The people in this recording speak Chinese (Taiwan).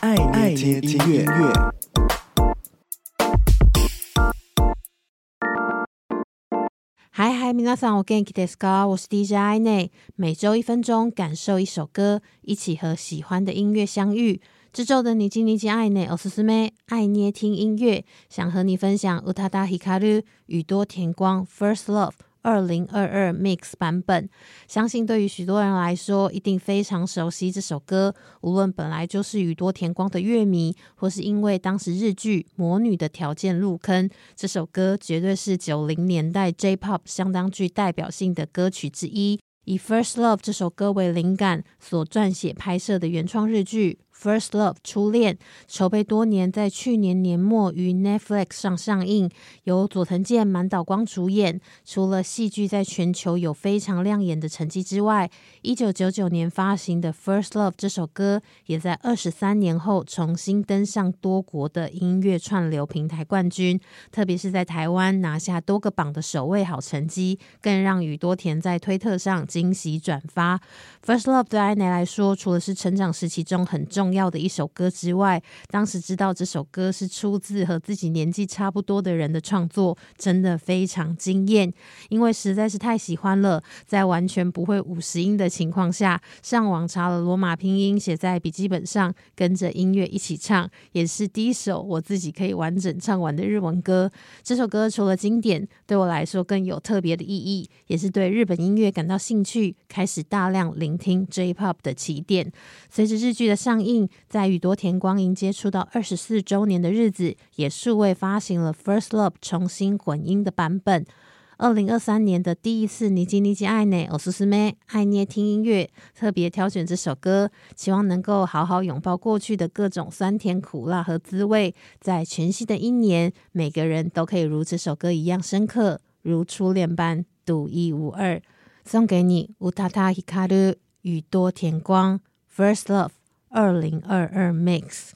愛捏聽音樂。嗨嗨，皆さん，お元気ですか？我是 DJ 愛內，每週一分鐘，感受一首歌，一起和喜歡的音樂相遇。這週的 nichi nichi! aiine Ösusume，愛捏聽音樂，想和你分享烏塔達希卡魯宇多田光《First Love》。二零二二 Mix 版本，相信對於許多人來說，一定非常熟悉這首歌。無論本來就是宇多田光的樂迷，或是因為當時日劇《魔女的條件》入坑，這首歌絕對是九零年代 J-Pop 相當具代表性的歌曲之一。以《First Love》這首歌為靈感所撰寫拍攝的原創日劇。First Love 初戀籌備多年，在去年年末於 Netflix 上上映，由佐藤健、滿島光主演。除了戲劇在全球有非常亮眼的成績之外，一九九九年發行的《First Love》這首歌，也在二十三年後重新登上多國的音樂串流平台冠軍，特別是在台灣拿下多個榜的首位好成績，更讓宇多田在推特上驚喜轉發。First Love 對 I 內來說，除了是成長時期中很重。要的一首歌之外，當時知道這首歌是出自和自己年紀差不多的人的創作，真的非常驚艷，因為實在是太喜歡了。在完全不會五十音的情況下，上網查了羅馬拼音，寫在筆記本上，跟着音樂一起唱，也是第一首我自己可以完整唱完的日文歌。這首歌除了經典，對我來說更有特別的意義，也是對日本音樂感到興趣，開始大量聆聽 J-Pop 的起點。隨着日劇的上映。在宇多田光迎接出道二十四周年的日子，也數位發行了《First Love》重新混音的版本。二零二三年的第一次，尼基尼基愛內歐蘇斯咩，愛捏聽音樂，特別挑選這首歌，希望能夠好好擁抱過去的各種酸甜苦辣和滋味。在全新的一年，每個人都可以如這首歌一樣深刻，如初戀般獨一無二。送給你烏塔塔希卡魯的宇多田光《First Love》。二零二二 Mix。